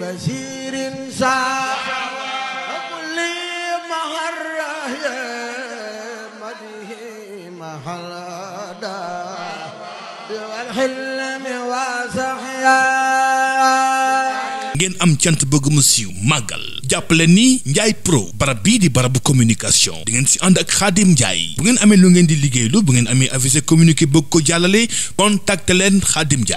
بشير ساعة وكل مهرة مده مهرة بالحلم وسحيا ngeen am cant bëgg monsieur magal jàppale ni Pro barab bii di barabu communication di ngeen si ànd ak Xaadim Ndiaye bu ngeen amee lu ngeen di liggéeylu bu ngeen amee avisé communiqué bëgg ko jàllale contacte leen Xaadim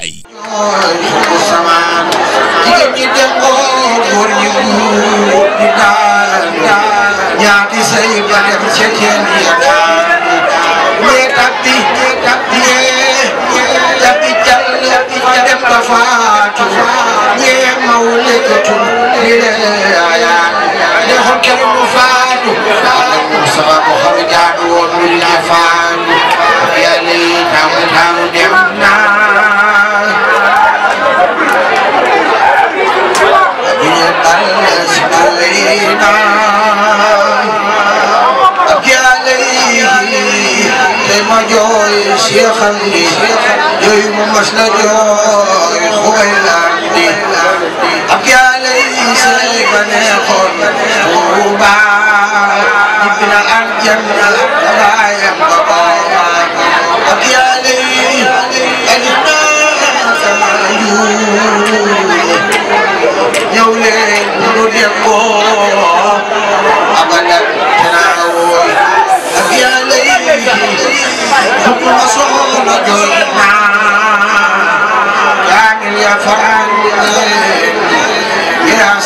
Yo, Sheikh Ali, Yo, Mama's not yours. neexoon Touba jub na ak janna baayam ba booba ak yàlla yi alif naa sama ñëw leen ñu déggoo abadan dinaa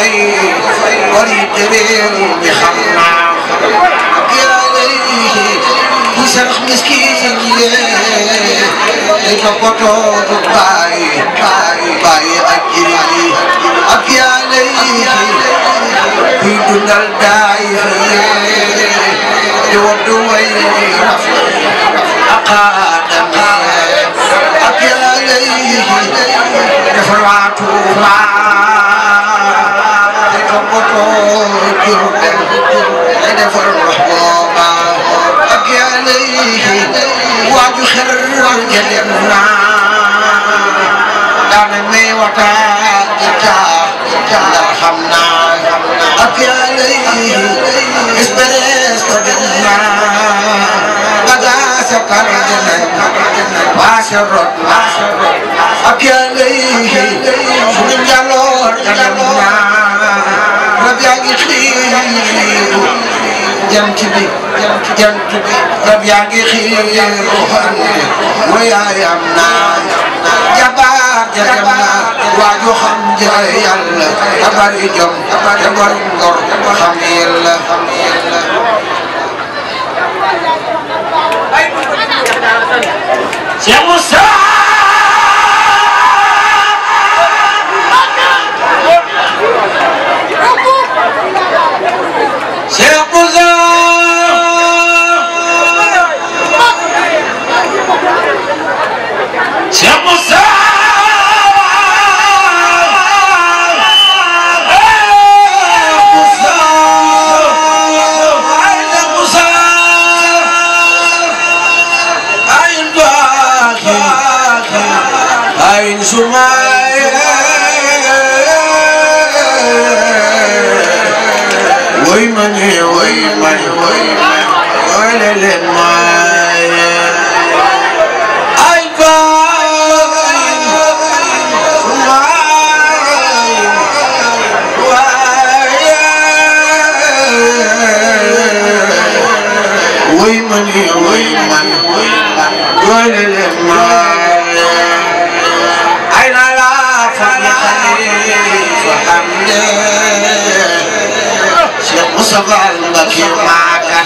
خير والجميل بخمع إليه مسخ مسكين لتقطو باي باي باي أجري أبي عليه في دون الداعي يودوي أقادم أبي عليه نفرعته معه Akya lehi, sunim jalor, jalor, jalor. rab yaa ngi xiir jant bi jant bi rab yaa ngi xiir wayaay am naa jabaar jagam naa waaju xam jëre yàlla ta bari jom ta bari ngor xam yàlla Cheikh Moussa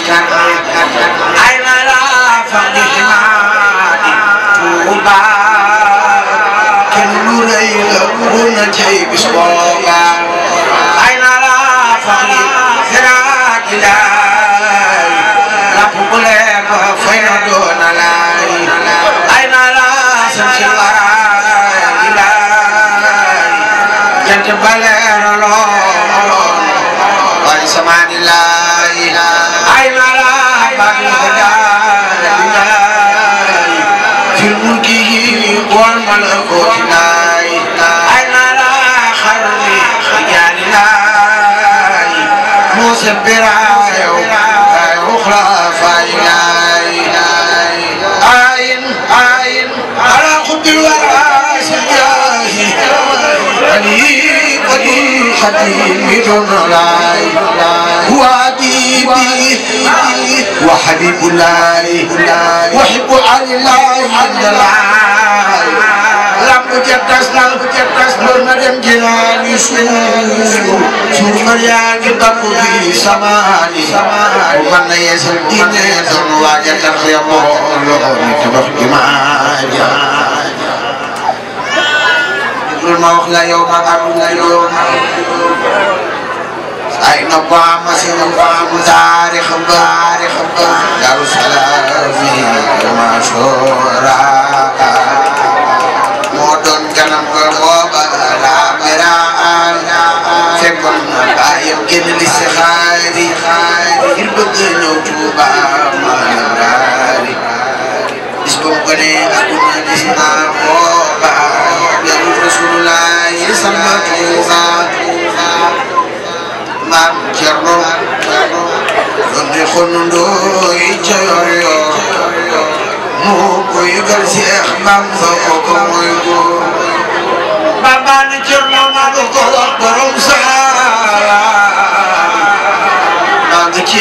أين لا فنحماد توبا كل ليلة كل شيء بسبوبا أين لا فنحماد لا بقلب فين دون لاي أين لا سنشلار إلهي جنت بلد والملكوت لاي أين لا خلوي خيال لاي مسبرا يوم أخرى فايلاي أين أين على خب الورى سجاهي علي قدير خديم جنراي هو حبيبي وحبيب الله وحب علي الله عبد الله lambu ja tas lambu ja tas mbër ma dem jëlaani suuf suuf mbër yaa ngi bakku bi samaani bu man na yeesal diine doon waaja tax ya mbooloo ñu tabax jumaa ja dul ma wax la yow ma aru la yow ma ay na baama si na baamu daari xabaari xabaar daru salaam fi ma sooraa bakma kaya gemini sehari hari hirbagın ucuba manarari isbogane akuna nisna moba yalu rasulullah sama kuza mam kerro Rani khonundo ija yoyo Muku yigal si ehmam Fakoko moyo Babana kerro Madu kolak barom sahara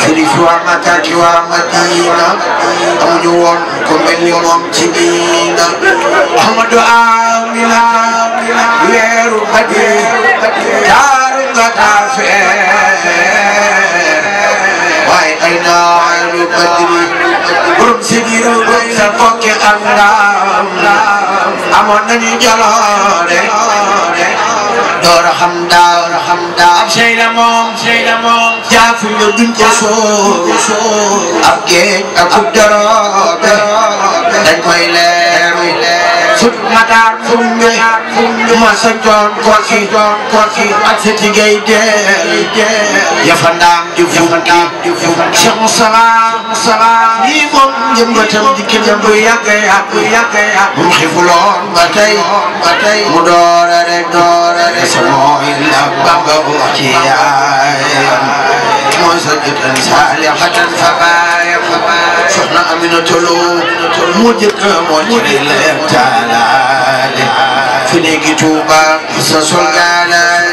Sëriñ wa Maka ki wa Madina amuñu woon ko mel ni moom ci diina Ahmadu Amina weeru Madi daaru nga taafee waaye ay naaru Badri borom sigiru bay sa fokki am naam amoon nañu jaloore door xam sey na moom sey na moom jaafuñ la duñ ko sóor ab géej ak ub doroote dañ koy leer sut mataar fum nge ma sa joon korki korki ak sa tigay deel yafa ndaam di fu Cheikh Moustapha yëngatam dikkin bu yàgg yàgg yàgg yàgg bu mu xifuloon ba tey ba tey mu doore rek doore rek sa mooy la bamba bu ci yaayam mooy sa jotan saalixatan fa baayam fa baayam soxna Aminata Lo mu jëkk moo ci leen taalaale fi néegi Tuuba sa solgaalaale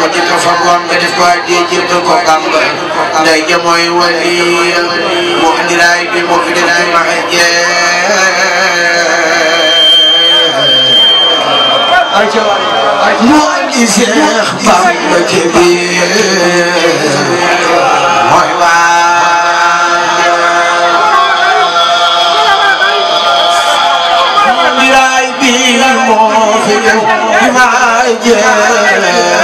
mu di ko fagoon nga def ko addi jébbal ko Bamba nday ja mooy wali moo indi laay bi moo fi def ci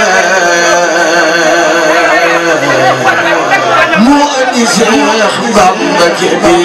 Yeah. me